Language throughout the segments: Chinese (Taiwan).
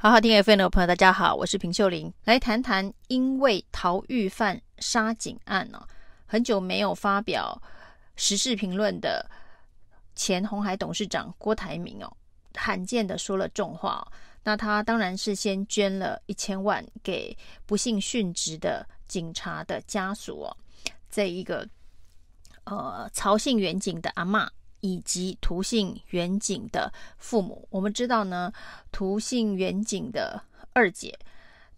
好好聽 FM 的朋友大家好，我是平秀琳，來談談，因為逃獄犯殺警案哦、啊，很久沒有發表時事評論的前鴻海董事長郭台銘哦、啊，罕見的說了重話、啊。那他當然是先捐了一千萬給不幸殉職的警察的家屬哦、啊，這一個呃曹姓員警的阿嬤。以及涂姓遠景的父母，我們知道呢，涂姓遠景的二姐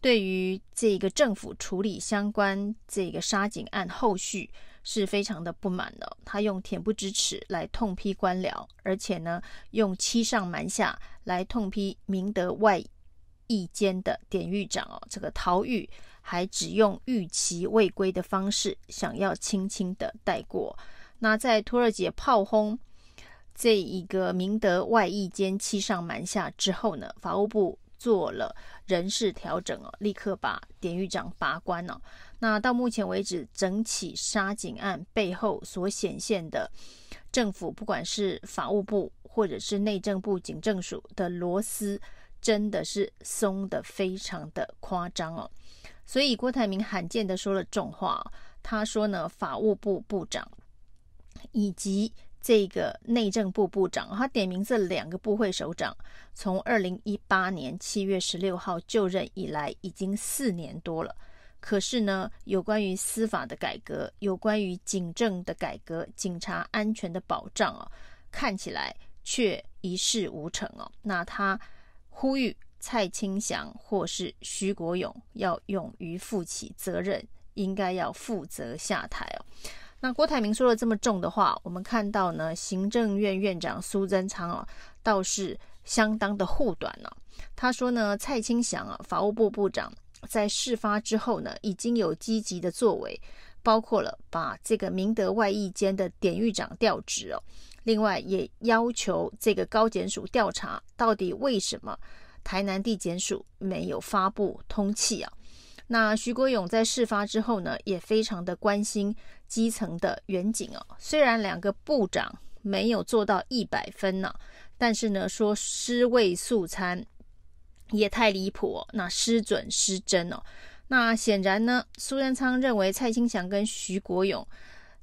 對於這個政府處理相關這個殺警案後續是非常的不滿的、哦。她用恬不知恥來痛批官僚，而且呢，用欺上瞞下來痛批明德外役間的典獄長哦。這個逃獄還只用預期未歸的方式，想要輕輕的帶過。那在涂耳節炮轟。這一個明德外役監欺上瞞下之後呢，法務部做了人事調整哦，立刻把典獄長拔官了、哦。那到目前為止，整起殺警案背後所顯現的政府，不管是法務部或者是內政部警政署的螺絲，真的是鬆得非常的誇張哦。所以郭台銘罕見的說了重話、哦，他說呢，法務部部長以及。這個內政部部長，他點名這兩個部會首長，從二零一八年七月十六號就任以來，已經四年多了。可是呢，有關於司法的改革，有關於警政的改革，警察安全的保障啊，看起來卻一事無成哦，啊。那他呼籲蔡清祥或是徐國勇要勇於負起責任，應該要負責下台哦，啊。那郭台銘說了這麼重的話，我們看到呢，行政院院長蘇貞昌啊，倒是相當的護短呢、啊。他說呢，蔡清祥啊，法務部部長，在事發之後呢，已經有積極的作為，包括了把這個明德外役監的典獄長調職哦、啊，另外也要求這個高檢署調查到底為什麼台南地檢署沒有發布通緝啊。那徐國勇在事發之後呢，也非常的關心基層的員警哦。雖然兩個部長沒有做到一百分呢、啊，但是呢，說屍位素餐也太離譜哦，那失準失真哦。那顯然呢，蘇貞昌認為蔡清祥跟徐國勇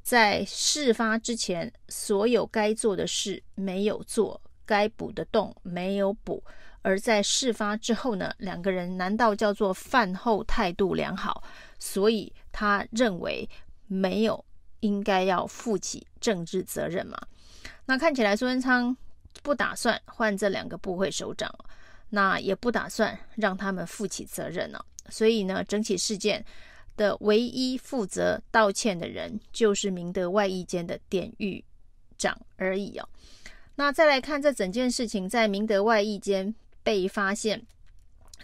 在事發之前所有該做的事沒有做，該補的洞沒有補。而在事發之後呢，兩個人難道叫做犯後態度良好，所以他認為沒有應該要負起政治責任嗎？那看起來蘇貞昌不打算換這兩個部會首長，那也不打算讓他們負起責任了、哦。所以呢，整起事件的唯一負責道歉的人就是明德外役監的典獄長而已哦。那再來看這整件事情在明德外役監，被發現，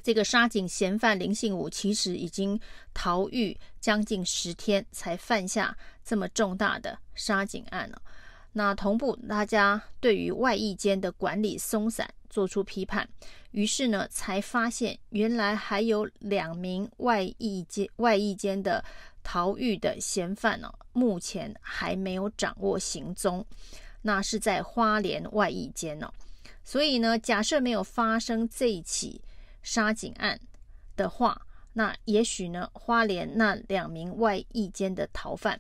這個殺警嫌犯林信武其實已經逃獄將近十天，才犯下這麼重大的殺警案了、啊。那同步，大家對於外役監的管理鬆散做出批判。於是呢，才發現原來還有兩名外役監外役監的逃獄的嫌犯呢、啊，目前還沒有掌握行蹤。那是在花蓮外役監哦、啊。所以呢，假設沒有發生這一起殺警案的話，那也許呢，花蓮那兩名外役監的逃犯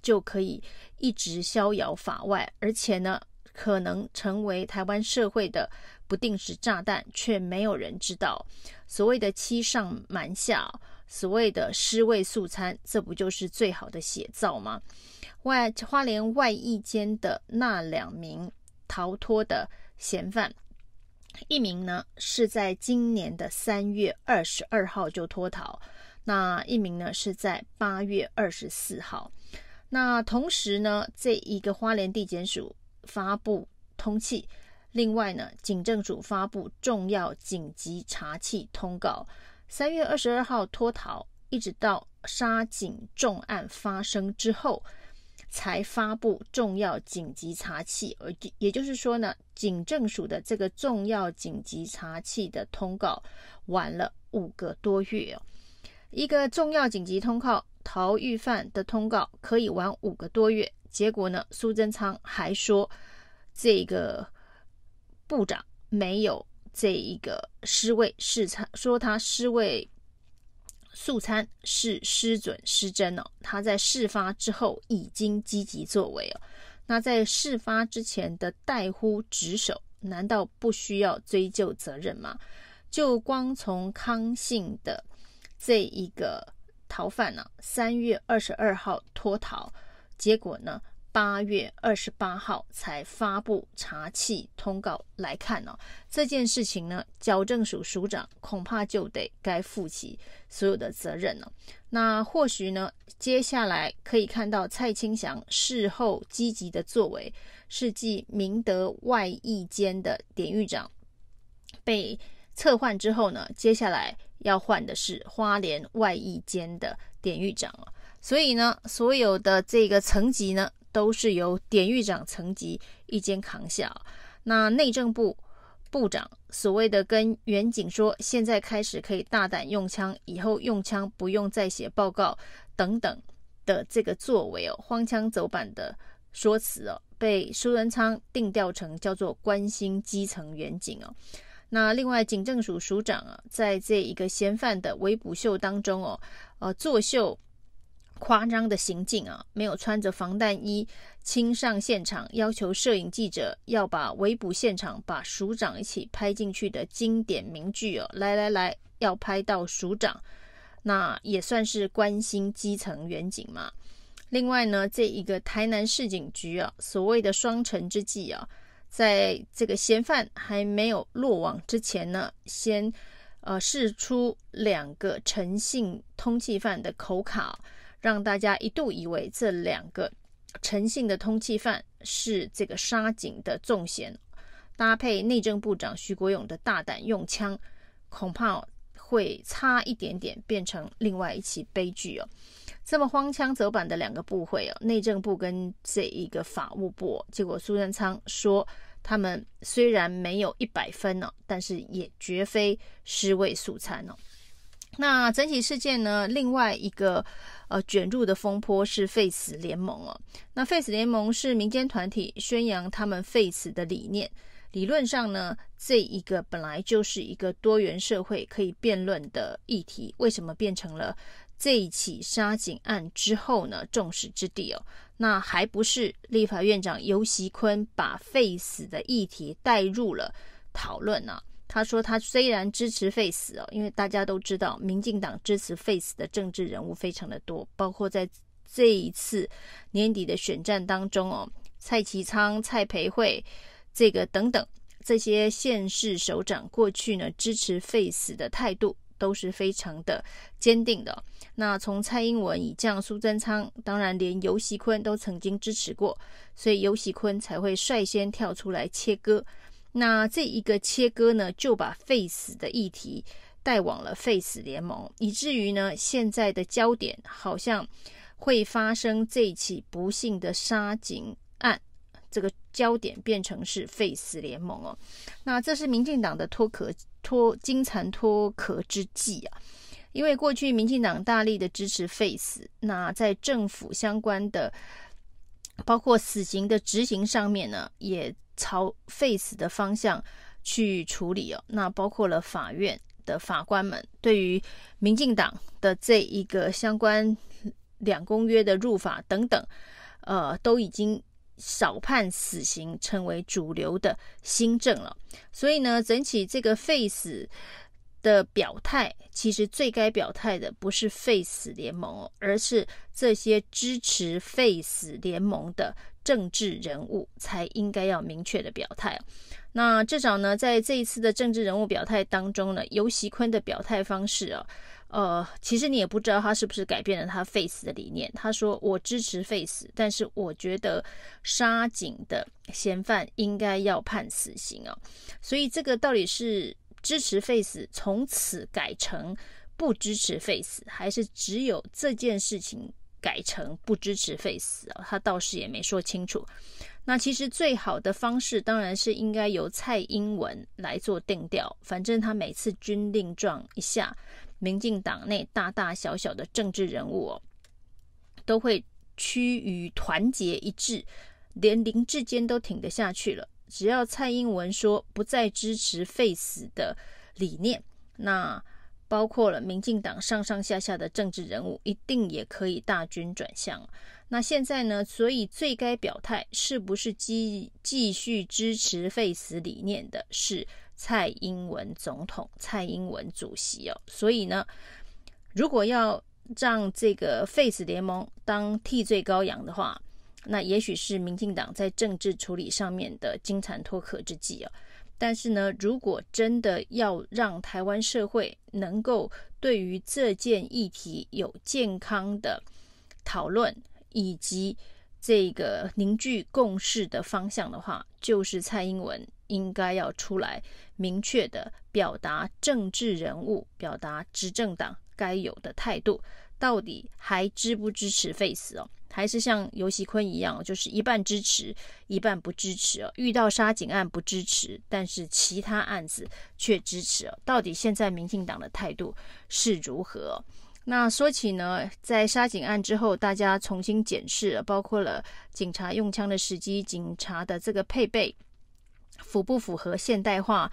就可以一直逍遙法外，而且呢，可能成為台灣社會的不定時炸彈，卻沒有人知道。所謂的欺上瞞下，所謂的尸位素餐，這不就是最好的寫照嗎？外花蓮外役監的那兩名逃脫的。嫌犯一名呢是在今年的三月二十二號就脫逃，那一名呢是在八月二十四號。那同時呢，這一個花蓮地檢署發布通緝，另外呢，警政署發布重要緊急查緝通告。三月二十二號脫逃，一直到殺警重案發生之後。才發布重要緊急查緝，而也就是說呢，警政署的這個重要緊急查緝的通告晚了五個多月哦。一個重要緊急通告，逃獄犯的通告可以晚五個多月，結果呢，蘇貞昌還說這個部長沒有這一個尸位，市長說他尸位。素餐是失準失真，哦，他在事發之後已經積極作為哦。那在事發之前的怠忽職守，難道不需要追究責任嗎？就光從康姓的這一個逃犯呢、啊，三月二十二號脫逃，結果呢？八月二十八號才發布查緝通告來看哦，這件事情呢，矯正署署長恐怕就得該負起所有的責任了、哦。那或許呢，接下來可以看到蔡清祥事後積極的作為，是繼明德外役監的典獄長被撤換之後呢，接下來要換的是花蓮外役監的典獄長。所以呢，所有的這個層級呢。都是由典獄長層級一肩扛下、啊。那內政部部長所謂的跟員警說，現在開始可以大膽用槍，以後用槍不用再寫報告等等的這個作為哦，荒腔走板的說辭哦，被蘇貞昌定調成叫做關心基層員警哦。那另外警政署署長啊，在這一個嫌犯的圍捕秀當中哦，呃作秀。誇張的行徑啊！沒有穿着防彈衣親上現場，要求攝影記者要把圍捕現場把署長一起拍進去的經典名句哦、啊！來來來，要拍到署長，那也算是關心基層員警嘛。另外呢，這一個台南市警局啊，所謂的雙城之際啊，在這個嫌犯還沒有落網之前呢，先呃試出兩個誠信通緝犯的口卡、啊。讓大家一度以為這兩個陳姓的通緝犯是這個殺警的重嫌，搭配內政部長徐國勇的大膽用槍，恐怕會差一點點變成另外一起悲劇哦。這麼荒腔走板的兩個部會哦，內政部跟這一個法務部，結果蘇貞昌說他們雖然沒有一百分哦，但是也絕非尸位素餐哦。那整體事件呢？另外一個。呃，卷入的風波是廢死聯盟哦。那廢死聯盟是民間團體，宣揚他們廢死的理念。理論上呢，這一個本來就是一個多元社會可以辯論的議題。為什麼變成了這一起殺警案之後呢，眾矢之的哦？那還不是立法院長游錫堃把廢死的議題帶入了討論呢、啊？他說，他雖然支持廢死哦，因為大家都知道，民進黨支持廢死的政治人物非常的多，包括在這一次年底的選戰當中哦，蔡其昌、蔡培慧、這個等等這些縣市首長過去呢支持廢死的態度都是非常的堅定的。那從蔡英文以降，蘇貞昌，當然連游錫堃都曾經支持過，所以游錫堃才會率先跳出來切割。那這一個切割呢，就把廢死的議題帶往了廢死聯盟，以至於呢，現在的焦點好像會發生這起不幸的殺警案，這個焦點變成是廢死聯盟哦。那這是民進黨的脫殼脫金蟬脫殼之計啊，因為過去民進黨大力的支持廢死，那在政府相關的包括死刑的執行上面呢，也。朝廢死的方向去處理哦，那包括了法院的法官們對於民進黨的這一個相關兩公約的入法等等，呃，都已經少判死刑成為主流的新政了。所以呢，整體這個廢死。的表態，其實最該表態的不是廢死聯盟，哦，而是這些支持廢死聯盟的政治人物才應該要明確的表態哦。那至少呢，在這一次的政治人物表態當中呢，游錫堃的表態方式哦，呃，其實你也不知道他是不是改變了他廢死的理念。他說，我支持廢死，但是我覺得殺警的嫌犯應該要判死刑哦。所以這個到底是？支持廢死從此改成不支持廢死，還是只有這件事情改成不支持廢死啊？他倒是也沒說清楚。那其實最好的方式當然是應該由蔡英文來做定調，反正他每次軍令狀一下，民進黨內大大小小的政治人物哦，都會趨於團結一致，連林智堅都挺得下去了。只要蔡英文說不再支持廢死的理念，那包括了民進黨上上下下的政治人物，一定也可以大軍轉向。那現在呢？所以最該表態是不是繼繼續支持廢死理念的是蔡英文總統、蔡英文主席哦。所以呢，如果要讓這個廢死聯盟當替罪羔羊的話，那也許是民進黨在政治處理上面的金蟬脫殼之計哦，但是呢，如果真的要讓台灣社會能夠對於這件議題有健康的討論，以及這個凝聚共識的方向的話，就是蔡英文應該要出來明確的表達政治人物、表達執政黨該有的態度，到底還支不支持廢死哦。還是像游錫堃一樣，就是一半支持，一半不支持。遇到殺警案不支持，但是其他案子卻支持。到底現在民進黨的態度是如何？那說起呢，在殺警案之後，大家重新檢視，包括了警察用槍的時機、警察的這個配備符不符合現代化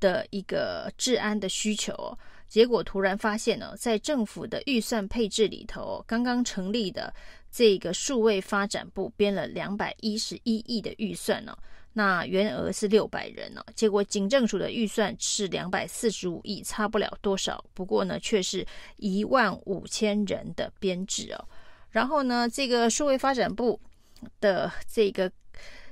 的一個治安的需求。結果突然發現呢，在政府的預算配置裡頭，剛剛成立的，這個數位發展部編了兩百一十一億的預算呢，哦，那員額是六百人哦。結果警政署的預算是兩百四十五億，差不了多少，不過呢，卻是一萬五千人的編制哦。然後呢，這個數位發展部的這個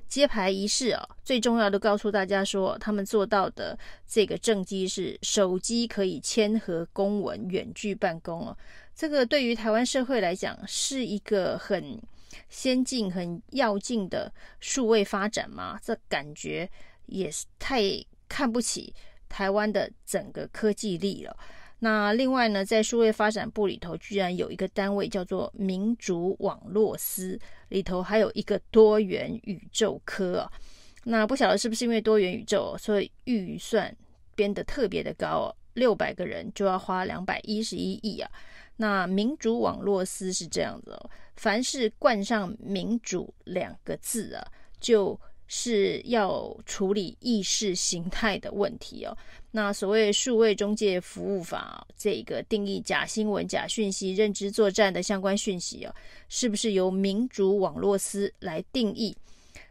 揭牌儀式、哦、最重要的告訴大家說，他們做到的這個政績是手機可以簽核公文、遠距辦公哦。這個對於台灣社會來講是一個很先進、很躍進的數位發展嗎？這感覺也是太看不起台灣的整個科技力了。那另外呢，在數位發展部裡頭，居然有一個單位叫做民主網絡司，裡頭還有一個多元宇宙科啊。那不曉得是不是因為多元宇宙，所以預算編得特別的高哦？六百個人就要花兩百一十一億啊！那民主網絡司是這樣子哦，凡是冠上“民主”兩個字啊，就是要處理意識形態的問題哦。那所謂《數位中介服務法》啊，這個定義，假新聞、假訊息、認知作戰的相關訊息哦啊，是不是由民主網絡司來定義？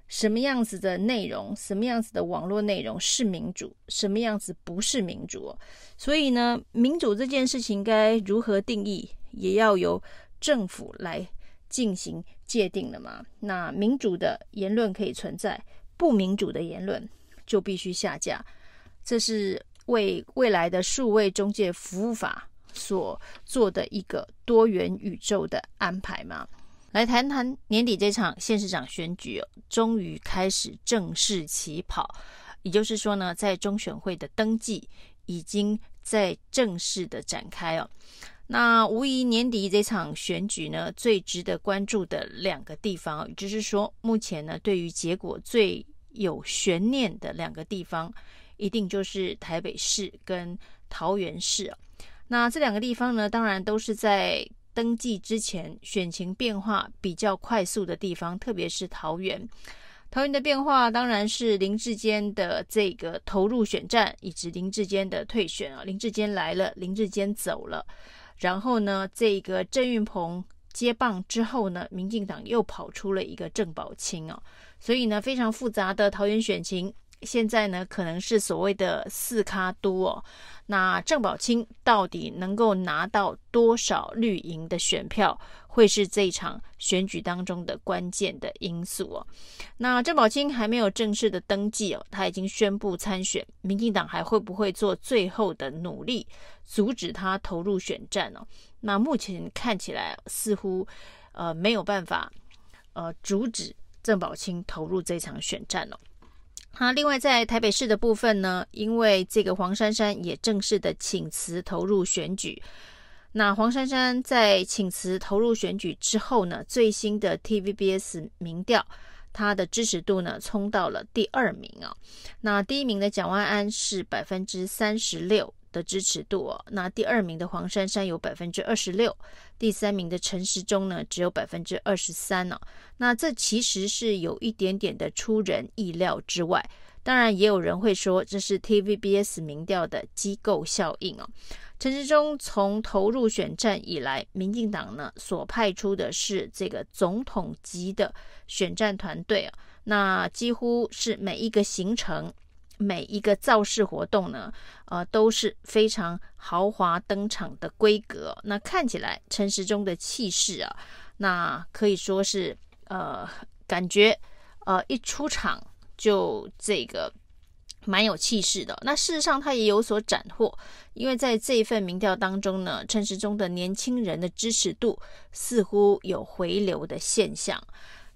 什麼樣子的內容，什麼樣子的網絡內容是民主，什麼樣子不是民主？所以呢，民主這件事情該如何定義，也要由政府來進行界定了嘛？那民主的言論可以存在，不民主的言論就必須下架，這是為未來的數位中介服務法所做的一個多元宇宙的安排嗎？來談談年底這場縣市長選舉，終於開始正式起跑。也就是說呢，在中選會的登記已經在正式的展開哦。那無疑年底這場選舉呢，最值得關注的兩個地方，也就是說目前呢，對於結果最有懸念的兩個地方，一定就是台北市跟桃園市。那這兩個地方呢，當然都是在。登記之前，選情變化比較快速的地方，特別是桃園。桃園的變化當然是林智堅的這個投入選戰，以及林智堅的退選啊。林智堅來了，林智堅走了，然後呢，這個鄭運鵬接棒之後呢，民進黨又跑出了一個鄭寶清。啊。所以呢，非常複雜的桃園選情。現在呢，可能是所謂的四卡多哦。那鄭寶清到底能夠拿到多少綠營的選票，會是這一場選舉當中的關鍵的因素哦。那鄭寶清還沒有正式的登記哦，他已經宣布參選。民進黨還會不會做最後的努力阻止他投入選戰呢、哦？那目前看起來似乎呃沒有辦法呃阻止鄭寶清投入這場選戰哦。那、啊、另外在台北市的部分呢，因為這個黃珊珊也正式的請辭投入選舉。那黃珊珊在請辭投入選舉之後呢，最新的 TVBS 民調，她的支持度呢衝到了第二名啊、哦。那第一名的蔣萬安是百分之三十六。的支持度哦，那第二名的黃珊珊有百分之二十六，第三名的陳時中呢只有百分之二十三呢。那這其實是有一點點的出人意料之外。當然，也有人會說這是 TVBS 民調的機構效應哦。陳時中從投入選戰以來，民進黨呢所派出的是這個總統級的選戰團隊哦、啊，那幾乎是每一個行程。每一個造勢活動呢，呃，都是非常豪華登場的規格。那看起來陳時中的氣勢啊，那可以說是呃，感覺呃，一出場就這個蠻有氣勢的。那事實上他也有所斬獲，因為在這一份民調當中呢，陳時中的年輕人的支持度似乎有回流的現象。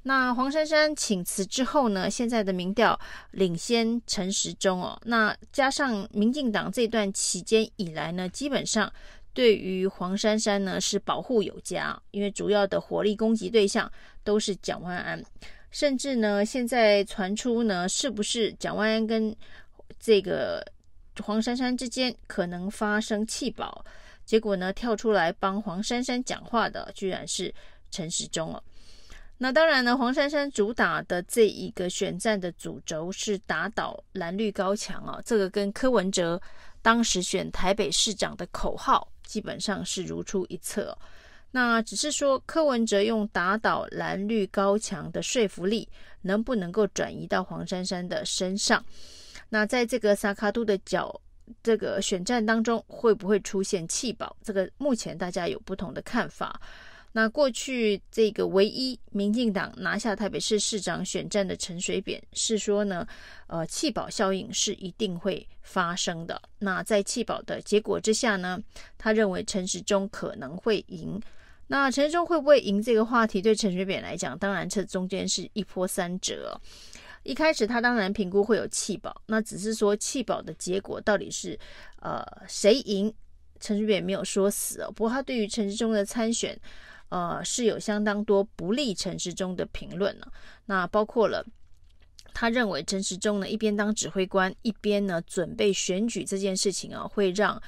那黃珊珊請辭之後呢，現在的民調領先陳時中哦。那加上民進黨這段期間以來呢，基本上對於黃珊珊呢是保護有加，因為主要的火力攻擊對象都是蔣萬安。甚至呢，現在傳出呢，是不是蔣萬安跟這個黃珊珊之間可能發生棄保，結果呢，跳出來幫黃珊珊講話的，居然是陳時中了哦。那當然呢，黃珊珊主打的這一個選戰的主軸是打倒藍綠高牆啊，這個跟柯文哲當時選台北市長的口號基本上是如出一轍。那只是說柯文哲用打倒藍綠高牆的說服力，能不能夠轉移到黃珊珊的身上？那在這個撒卡都的角這個選戰當中，會不會出現棄保？這個目前大家有不同的看法。那過去這個唯一民進黨拿下台北市市長選戰的陳水扁是說呢，呃，棄保效應是一定會發生的。那在棄保的結果之下呢，他認為陳時中可能會贏。那陳時中會不會贏這個話題，對陳水扁來講，當然這中間是一波三折。一開始他當然評估會有棄保，那只是說棄保的結果到底是呃誰贏，陳水扁沒有說死哦。不過他對於陳時中的參選。呃，是有相當多不利陳時中的評論呢、啊，那包括了他認為陳時中呢一邊當指揮官，一邊呢準備選舉這件事情啊，會讓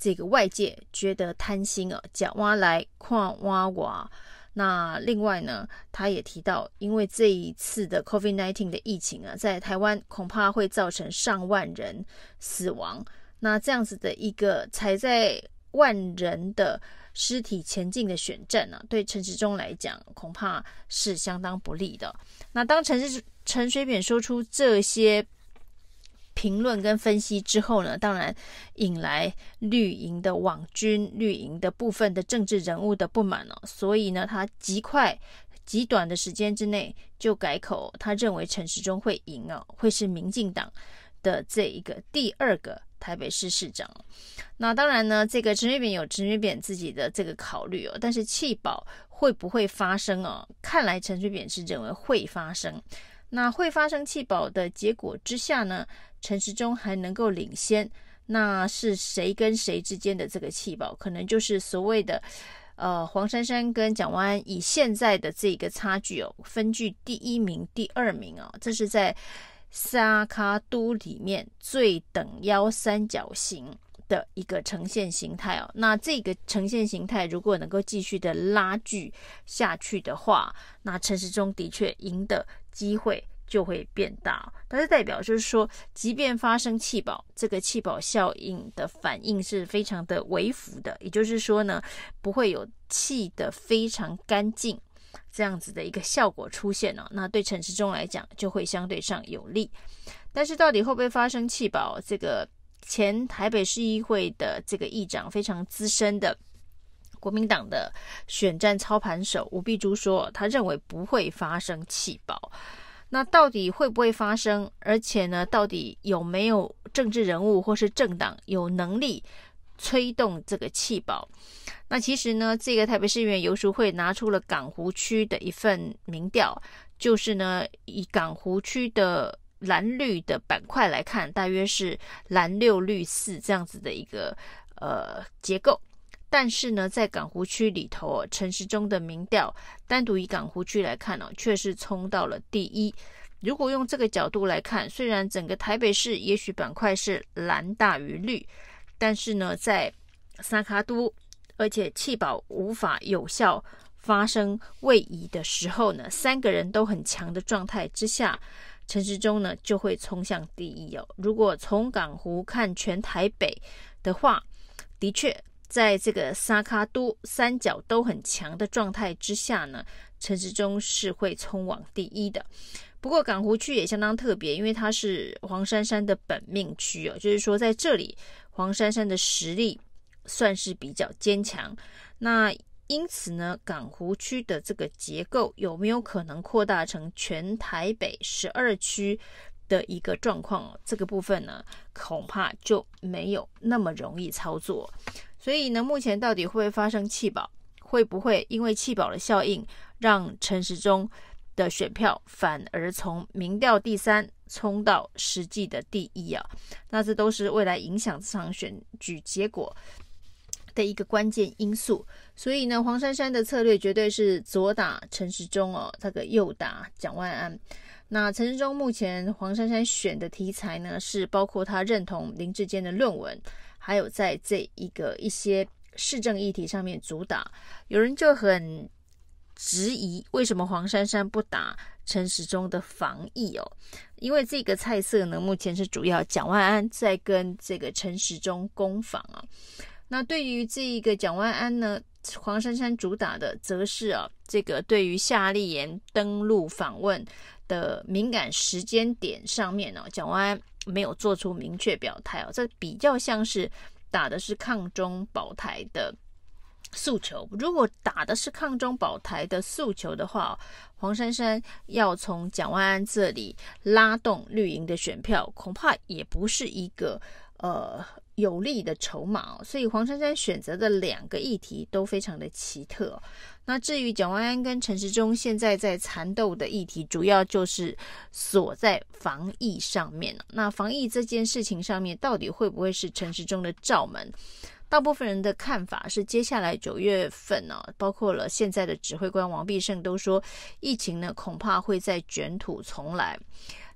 這個外界覺得貪心啊，假挖來礦挖瓦。那另外呢，他也提到，因為這一次的 COVID-19 的疫情啊，在台灣恐怕會造成上萬人死亡，那這樣子的一個才在。萬人的屍體前進的選戰呢、啊，對陳時中來講恐怕是相當不利的。那當陳陳水扁說出這些評論跟分析之後呢，當然引來綠營的網軍、綠營的部分的政治人物的不滿了、啊。所以呢，他極快、極短的時間之內就改口，他認為陳時中會贏哦、啊，會是民進黨的這一個第二個台北市市長，那當然呢，這個陳水扁有陳水扁自己的這個考慮哦，但是棄保會不會發生哦？看來陳水扁是認為會發生。那會發生棄保的結果之下呢，陳時中還能夠領先，那是誰跟誰之間的這個棄保，可能就是所謂的呃黃珊珊跟蔣萬安，以現在的這個差距哦，分居第一名、第二名哦，這是在。三腳督裡面最等腰三角形的一個呈現形態哦，那這個呈現形態如果能夠繼續的拉鋸下去的話，那陳時中的確贏的機會就會變大，但是代表就是說，即便發生棄保，這個棄保效應的反應是非常的微幅的，也就是說呢，不會有棄得非常乾淨。這樣子的一個效果出現、哦、那對陳時中來講就會相對上有利。但是到底會不會發生棄保？這個前台北市議會的這個議長，非常資深的國民黨的選戰操盤手吳碧珠說，他認為不會發生棄保。那到底會不會發生？而且呢，到底有沒有政治人物或是政黨有能力？推動這個氣寶。那其實呢，這個台北市議員游淑慧拿出了港湖區的一份民調，就是呢，以港湖區的藍綠的板塊來看，大約是藍六綠四這樣子的一個呃結構。但是呢，在港湖區裡頭哦，陳時中的民調單獨以港湖區來看呢、哦，確實衝到了第一。如果用這個角度來看，雖然整個台北市也許板塊是藍大於綠。但是呢，在三腳督，而且棄保無法有效發生位移的時候呢，三個人都很強的狀態之下，陳時中呢就會衝向第一哦。如果從港湖看全台北的話，的確。在這個沙卡都三角都很強的狀態之下呢，陳時中是會衝往第一的。不過港湖區也相當特別，因為它是黃珊珊的本命區哦，就是說在這裡黃珊珊的實力算是比較堅強。那因此呢，港湖區的這個結構有沒有可能擴大成全台北十二區的一個狀況哦？這個部分呢，恐怕就沒有那麼容易操作。所以呢，目前到底會不會發生棄保？會不會因為棄保的效應，讓陳時中的選票反而從民調第三衝到實際的第一啊？那這都是未來影響這場選舉結果的一個關鍵因素。所以呢，黃珊珊的策略絕對是左打陳時中哦，這個右打蔣萬安。那陳時中目前黃珊珊選的題材呢，是包括他認同林智堅的論文。還有在這一個一些市政議題上面主打，有人就很質疑，為什麼黃珊珊不打陳時中的防疫哦，因為這個菜色呢，目前是主要蔣萬安在跟這個陳時中攻防啊。那對於這一個蔣萬安呢，黃珊珊主打的則是啊，這個對於夏立言登陸訪問的敏感時間點上面呢、啊，蔣萬安沒有做出明確表態哦、啊，這比較像是打的是抗中保台的訴求。如果打的是抗中保台的訴求的話、啊，黃珊珊要從蔣萬安這裡拉動綠營的選票，恐怕也不是一個呃。有利的籌碼，所以黃珊珊選擇的兩個議題都非常的奇特。那至於蔣萬安跟陳時中現在在纏鬥的議題，主要就是鎖在防疫上面。那防疫這件事情上面，到底會不會是陳時中的罩門？大部分人的看法是，接下來九月份呢、啊，包括了現在的指揮官王必勝都說，疫情呢恐怕會再捲土重來。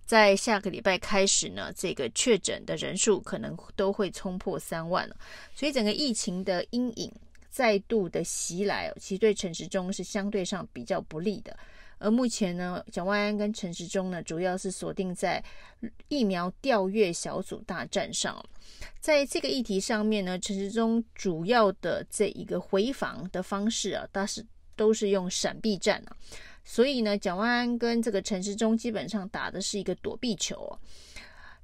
在下個禮拜開始呢，這個確診的人數可能都會衝破三萬了。所以整個疫情的陰影再度的襲來，其實對陳時中是相對上比較不利的。而目前呢，蔣萬安跟陳時中呢，主要是鎖定在疫苗調閱小組大戰上。在這個議題上面呢，陳時中主要的這一個回防的方式啊，都是都是用閃避戰啊。所以呢，蔣萬安跟這個陳時中基本上打的是一個躲避球哦，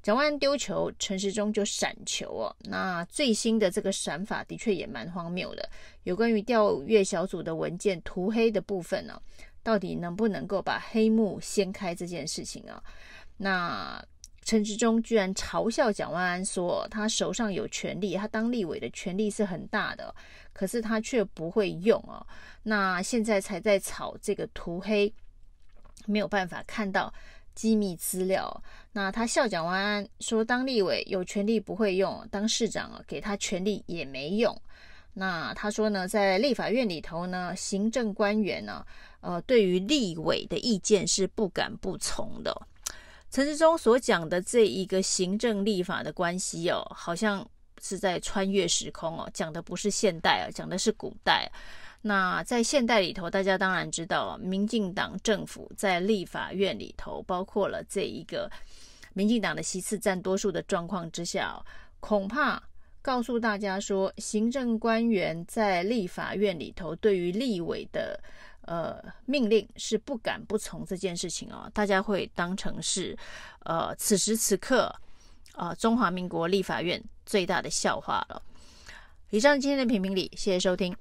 蔣萬安丟球，陳時中就閃球哦。那最新的這個閃法的確也蠻荒謬的。有關於調閱小組的文件塗黑的部分呢、哦，到底能不能夠把黑幕掀開這件事情啊、哦？那。陳志忠居然嘲笑蔣萬安說：“他手上有權力，他當立委的權力是很大的，可是他卻不會用哦、啊，那現在才在炒這個塗黑，沒有辦法看到機密資料。那他笑蔣萬安說：“當立委有權力不會用，當市長給他權力也沒用。”那他說呢，在立法院裡頭呢，行政官員呢，呃，對於立委的意見是不敢不從的。陳世忠所講的這一個行政立法的關係哦，好像是在穿越時空哦，講的不是現代哦，啊，講的是古代，啊。那在現代裡頭，大家當然知道，啊，民進黨政府在立法院裡頭，包括了這一個民進黨的席次佔多數的狀況之下，哦，恐怕告訴大家說，行政官員在立法院裡頭對於立委的。呃，命令是不敢不從這件事情哦，大家會當成是，呃，此時此刻，啊，呃，中華民國立法院最大的笑話了。以上今天的評評理，謝謝收聽。